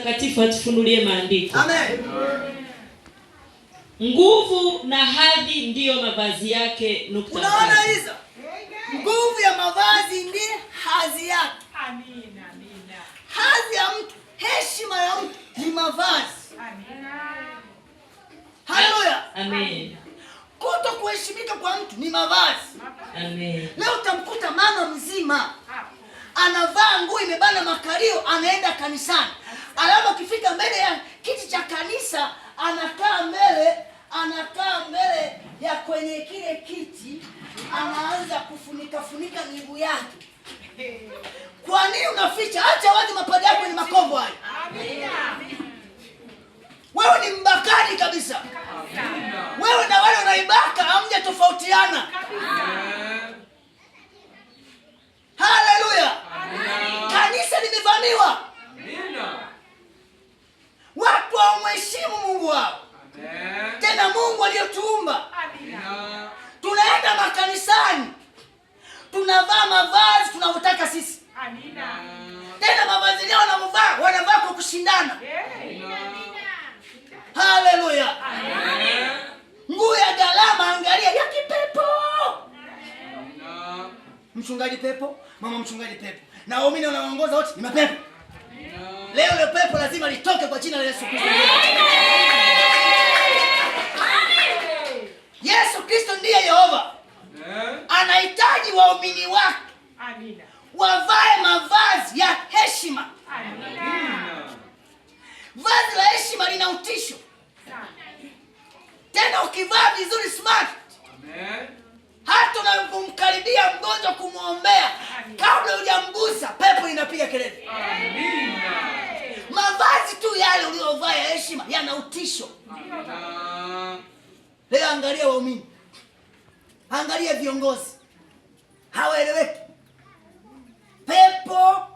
Mtakatifu atufunulie maandiko. Amen. Nguvu na hadhi ndiyo mavazi yake. Nukta. Unaona hizo? Nguvu ya mavazi ndiyo hadhi yake. Amina, amina. Hadhi ya mtu, heshima ya mtu ni mavazi. Amina. Haleluya. Amen. Kuto kuheshimika kwa mtu ni mavazi. Amen. Leo utamkuta mama mzima anavaa nguo imebana makalio, anaenda kanisani akifika mbele ya kiti cha kanisa anakaa mbele, anakaa mbele ya kwenye kile kiti, anaanza kufunika funika miguu yake. Kwa nini unaficha? Acha wazi mapaja yako ni makombo hayo. Wewe ni mbakani kabisa. Wewe na wale unaibaka amje tofautiana. Mungu aliyetuumba. Amina. Tunaenda makanisani tunavaa mavazi tunavyotaka sisi. Amina. Tena mavazi leo wanavaa wanavaa kwa kushindana. Haleluya. Nguo ya gharama, angalia ya kipepo. Mchungaji pepo, mama mchungaji pepo, na waumini wanaongoza wote ni mapepo. Leo leo pepo lazima litoke kwa jina la Yesu Kristo. anahitaji waumini wake Amina. wavae mavazi ya heshima Amina. Vazi la heshima lina utisho tena, ukivaa vizuri smart Amen. hata unapomkaribia mgonjwa kumwombea, kabla hujamgusa pepo inapiga kelele. Mavazi tu yale uliovaa ya heshima yana utisho. Leo angalia waumini Angalia viongozi hawaeleweki, pepo